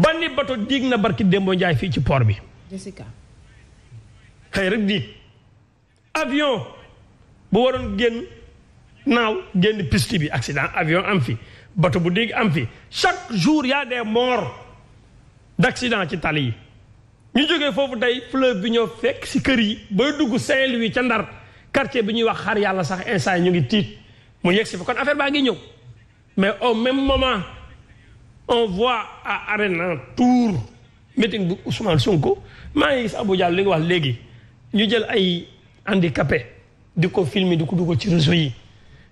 banni bato diig na barki Dembo Ndiaye fii ci port bi. Jessica. xëy rek diig avion bu waroon génn naaw génn piste bi accident avion am fi bato bu diig am fi chaque jour y a des morts d'accident ci tali yi. ñu jógee foofu tey fleuve bi ñoo fekk si kër yi bay dugg saint wi ca Ndar quartier bi ñuy wax xar yàlla sax instant ñu ngi tiit mu yegg si fa kon affaire baa ngi ñëw mais au moment. on voit à Arena tour meeting bu Ousmane Sonko maa ngi gis Abou Diallo wax léegi ñu jël ay handicapé di ko filmer di ko dugal ci réseau yi.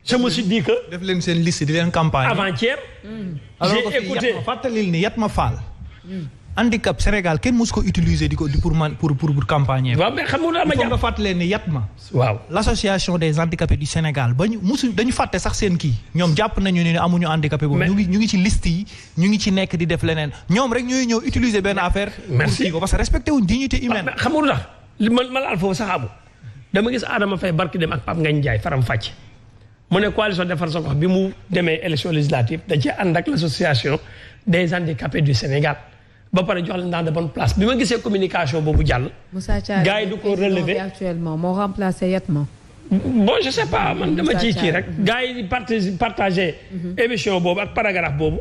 je me suis dit que. def leen seen liste di leen avant-hier. j'ai écouté alors que fii Yatma Fatal ni handicap Sénégal kenn mos ko utiliser di ko di pour man pour pour campagne. waaw mais xam nga ma nga fàttalee ne Yatma. waaw l' association des handicapés du Sénégal seen kii. ñoom jàpp nañu ne amuñu handicapé boobu. ñu ngi ñu ngi ci liste yi ñu ngi ci nekk di def leneen ñoom rek ñooy ñëw utiliser benn affaire. merci ko parce que respecté wuñ dignité ah, humaine. xam nga ma ma laal foofu sax dama gis Adama Faye barki dem ak Pape Ngagne Ndiaye faram fàcc mu ne coalition defar sa gox bi mu demee élection législative da ci ànd ak l' des handicapés ba pare jox la dans de bonnes places bi ma gisee communication boobu jàll. Moussa Thiaré gars yi du ko relever actuellement moo remplacé Yatma. bon je sais pas man dama ciy kii rek. Mhm. gars yi di mhm. émission boobu ak paragraphe boobu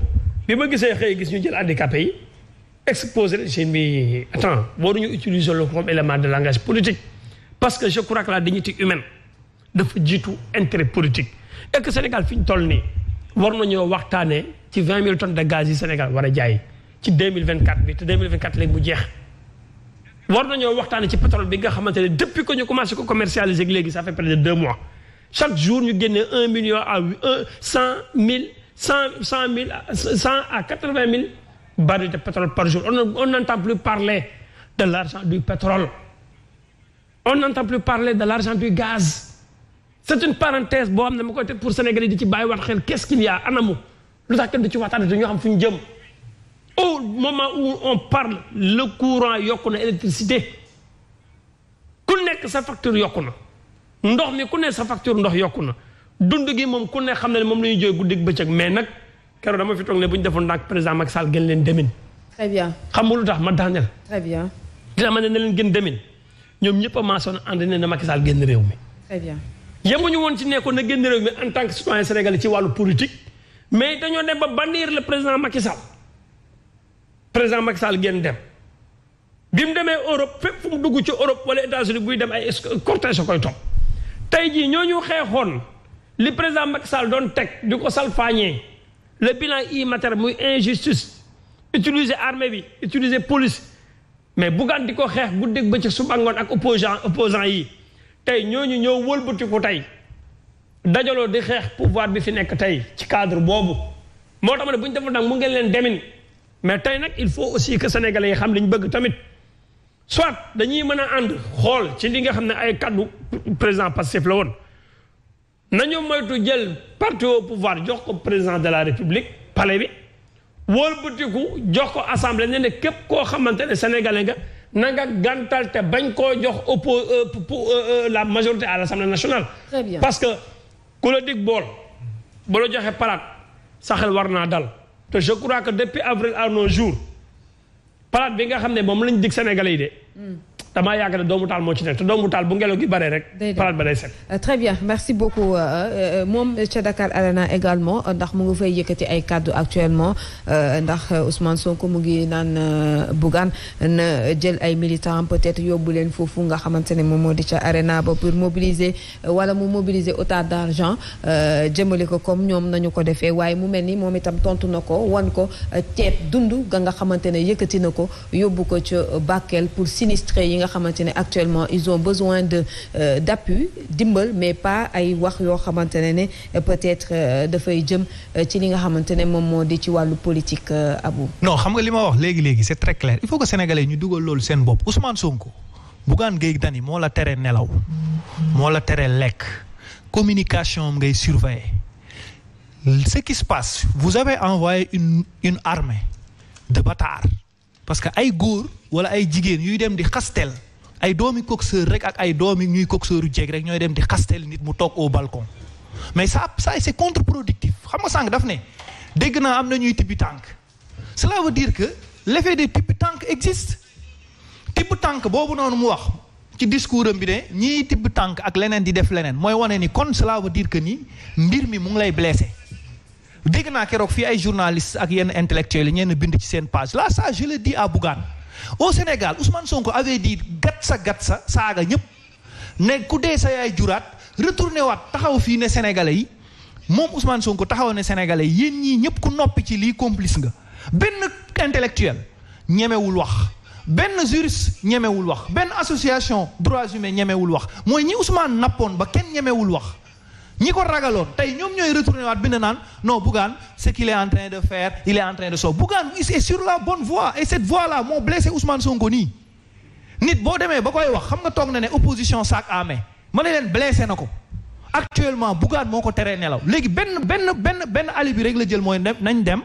bi ma gisee xëy gis ñu jël handicapé yi exposé leen seen bi attends waruñu utiliser loolu comme élément de langage politique parce que je crois que la dignité humaine dafa jiitu intérêt politique et que Sénégal fi ñu toll nii war nañoo waxtaanee ci vingt mille tonnes de gaz yi Sénégal war a jaay. ci 2024 bi te 2024 léegi bu jeex war nañoo waxtaane ci pétrole bi nga xamante ne depuis que ñu commencé ko commercialiser léegi ça fait de deux mois chaque jour ñu génne un million à un cent mille cent cent mille cent à quatre-vingt mille barils de pétrole par jour on n'entend plus parler de l'argent du pétrole on n'entend plus parler de l'argent du gaz c'est une parenthèse boo xam ne ma koy teg pour Sénégalais di ci bàyyi waat xel qu'est-ce qu'il y a anamu lu ci waxtaan du ñoo xam fu ñu jëm au moment où on parle le courant yokku na électricité ku nekk sa facture yokku na ndox mi ku ne sa facture ndox yokk na dund gi moom ku ne xam ne moom la ñuy jooy guddi bëccëg mais nag keroog dama fi toog ne bu ñu defoon na président Macky Sall gën leen demin. très bien xam nga lu tax ma daaneel. très bien. dina ma ne na leen gën demin ñoom ñëpp a maasoon ànd ne na Macky réew mi. très bien yemuñu woon ci nekkoon na génn réew mi en tant que citoyen sénégalais ci wàllu politique mais dañoo dem ba bannir le président Macky Sall. président Macky Sall génn dem bi mu demee Europe fépp fu mu dugg ci Europe wala États-Unis buy dem ay cortège sa koy topp tey jii ñooñu xeexoon li président Macky Sall doon teg di ko salfaañee le bilan immatériel muy injustice utiliser armée bi utiliser police mais buggaan di ko xeex guddeeg bëccëg suba ngoon ak opposant opposant yi tey ñooñu ñoo wëlbatiku tey dajaloo di xeex pouvoir bi fi nekk tey ci cadre boobu moo tax ma ne bu ñu nag mu ngeen leen demin mais tey nag il faut aussi que sénégale yi xam li bëgg tamit soit dañuy mën a ànd xool ci li nga xam ne ay kaddu président Pastef la woon nañu moytu jël parti au pouvoir jox ko président de la république pale bi wëlbatiku jox ko assemblée ne képp koo xamante ne sénégalais nga na nga gàntal te bañ koo jox oppo euh, euh, euh, la majorité à l'assemblée nationale. très bien parce que ku la dig bool bala la joxe paraat saxel war naa dal. te je crois que depuis avril à nos jour palaat bi nga xam ne moom lañ dig Sénégalais yi de mm. damaa yaakaar ne doomu taal moo ci nekk te doomu taal bu ngelaw gi bare rek. palaat ba day set. Euh, très bien merci beaucoup euh, euh, moom ca Dakar Arena également ndax mu nga fay yëkkati ay kàddu actuellement ndax Ousmane ko mu ngi naan Bougane na jël ay militants peut-être yóbbu leen foofu nga xamante ne moom moo di ca Arena ba pour mobiliser wala mu mobiliser autant d'argent jëmale ko comme ñoom nañu ko defee waaye mu mel ni moom itam tontu na ko wan ko dund ga nga xamante ne yëkkati na ko yóbbu ko ca Bakel pour sinistré yi xamante ne actuellement ils ont besoin de euh, d'appui dimbal mais pas ay wax yoo xamante ne ne peut-être euh, dafay jëm euh, ci li nga xamante ne moom moo di ci wàllu politique abu no xam nga li ma wax léegi léegi c'est très clair il faut que sénégalais ñu dugal loolu seen bopp ko Sonko Bougane Gueye Dany moo la tere nelaw moo la tere lekk communication ngay surveiller ce qui se vous avez envoyé une une armée de bâtards parce que ay góor wala ay jigéen yuy dem di xastel ay doomi coxeur rek ak ay doomi ñuy coxeuru jeeg rek ñooy dem di xastel nit mu toog au balcon mais ça ça c'est contre-productif xam nga sànq daf ne dégg naa am na ñuy tibb tànk cela veut dire que l'effet des tibb tànk existe tibb tànk boobu noonu mu wax ci discours am bi ne ñiy tibb tànk ak leneen di def leneen mooy wane ni kon cela veut dire que ni mbir mi mu ngi lay blessé dégg naa keroog fii ay journalistes ak yenn intellectuels yi ñenn bind ci seen page la ça je le dis à Bougane au Sénégal Ousmane Sonko avait di gat sa gat sa saaga ñëpp ne ku dee sa yaay juraat retourné waat taxaw fii ne sénégalais yi moom Ousmane Sonko taxaw ne sénégalais yi yéen ñii ñëpp ku noppi ci lii complice nga benn intellectuel ñemewul wax. benn juriste ñemewul wax benn association droits humains ñemewul wax mooy ñi Ousmane nappoon ba kenn ñemewul wax. ñi ko ragaloon tey ñoom ñooy retourné waat bi ne naan non Bougane ce qu'il est en train de faire il est en train de so Bougane il est sur la bonne voie et cette voie là moo blessé Ousmane Sonko nii nit boo demee ba koy wax xam nga toog na ne opposition sac à main ma ne leen blessé na ko actuellement Bougane moo ko teree nelaw léegi benn benn benn benn alibi rek la jël mooy nañ dem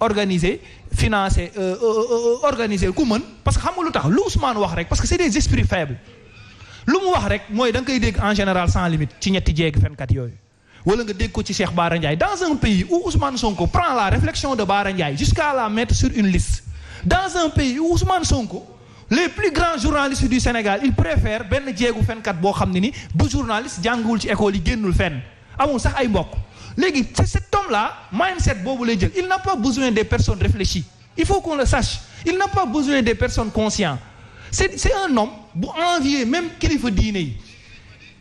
organiser financer euh, euh, euh, organiser ku mën parce que xam nga lu tax lu Ousmane wax rek parce que c'est des lu mu wax rek mooy da koy dégg en général sans limite ci ñetti jéeg fenkat yooyu wala nga dégg ko ci Cheikh Bara Ndiaye dans un pays où Ousmane Sonko prend la réflexion de Bara Ndiaye jusqu'à la mettre sur une liste dans un pays où Ousmane Sonko les plus grands journalistes du Sénégal ils préfèrent benn jéegu fenkat boo xam ne ni du journaliste jànguwul ci école yi génnul fenn amul sax ay mbokk léegi c'est cet homme là mindset boobu lay jël il n'a pas besoin des personnes réfléchies c'est c'est un homme bu envier même kilifa diine yi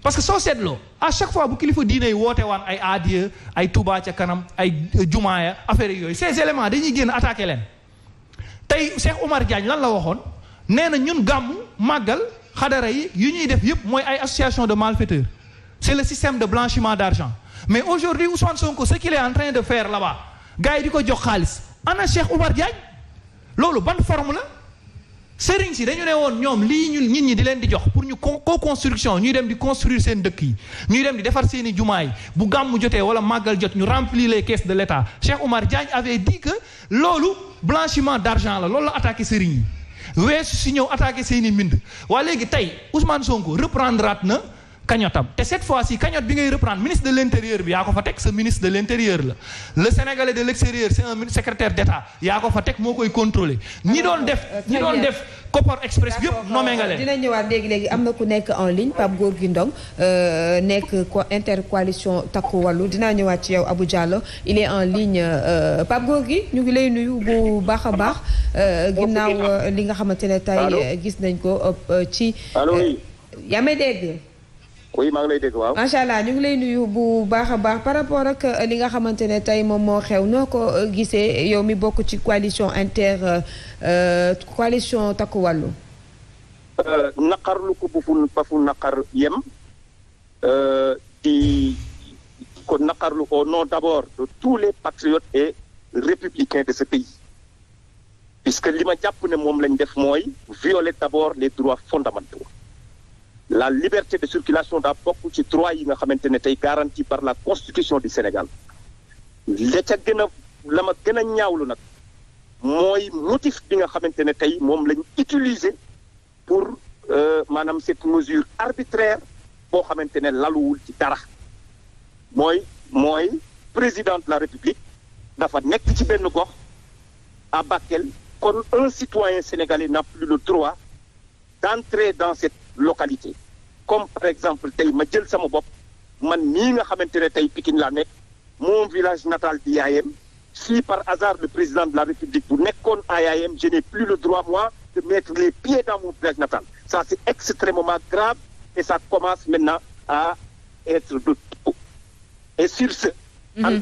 parce que soo seetloo à chaque fois bu kilifa diine yi woote waan ay aadiya ay Touba ca kanam ay euh, jumaaya affaire yooyu ces éléments dañuy génn attaqué leen tey Cheikh Omar Diagne lan la waxoon nee na ñun gàmmu màggal xadara yi yu ñuy def yëpp mooy ay association de malfaiteurs c'est le système de blanchiment d'argent mais aujourd'hui Ousmane Sonko ce qu'il est en train de faire là-bas gars yi di ko jox xaalis ana Cheikh Omar Diagne loolu ban forme la sëriñ si dañu ne woon ñoom lii ñu ñit ñi di leen di jox pour ñu co-construction ñuy dem di construire seen dëkk yi ñuy dem di defar seeni i jumaa yi bu gàmm jotee wala màggal jot ñu remplir les caisses de l'État Cheikh Oumar Diagne avait dit que loolu blanchiment d'argent la loolu la attaqué sëriñ yi weesu si ñëw attaqué seeni mbind waa léegi tey Ousmane Sonko reprendre na cagnotte am te cette fois ci cagnotte bi ngay reprendre ministre de l' intérieur bi yaa ko fa teg sa ministre de l' intérieur la le de l' secrétaire d' yaa ko fa teg moo koy contrôler ñi doon def euh, ñi doon def Kopar Express yëpp nommé dina ñëwaat léegi léegi am na ku nekk en ligne Pape Gorgui Ndong euh, nekk co intercoalition takku wallu dinaa ñëwaat ci yow Abou Diallo il est en ligne euh, Pape Gorgui ñu ngi lay nuyu bu baax a baax. ginnaaw li nga xamante ne tey gis nañ ko ci. yaa may dégg. oui maa ngi lay dégg waaw. macha allah ñu ngi lay nuyu bu baax a baax par rapport ak euh, li nga xamante ne tey moom moo xew noo ko euh, gisee yow mi bokk ci coalition inter euh, coalition takku wàllu. naqarlu ko bu fu ba fu naqar yem di ko naqarlu au nom d'abord de tous les patriotes et républicains de ce pays puisque li ma jàpp ne moom lañ def mooy violer d'abord les droits fondamentaux. la liberté de circulation daa bokk ci droit yi nga xamante ne tey garanti par la constitution du Sénégal la ca gën a la ma gën a ñaawlu nag mooy motif bi nga xamante ne tey moom lañ utiliser pour euh, maanaam cette mesure arbitraire boo xamante ne laluwul ci dara mooy mooy président de la République dafa nekk ci benn gox à Bakel kon un citoyen sénégalais n'a plus le droit d'entrer dans cette localité comme par exemple tey ma jël sama bopp man mii nga xamante ne tey Pikine laa nekk mon village natal di Yaayem si par hasard le président de la République bu nekkoon à Yaayem je n'ai plus le droit mois de mettre les pieds dans mon village natal ça c'est extrêmement grave et ça commence maintenant à être de mhm. tout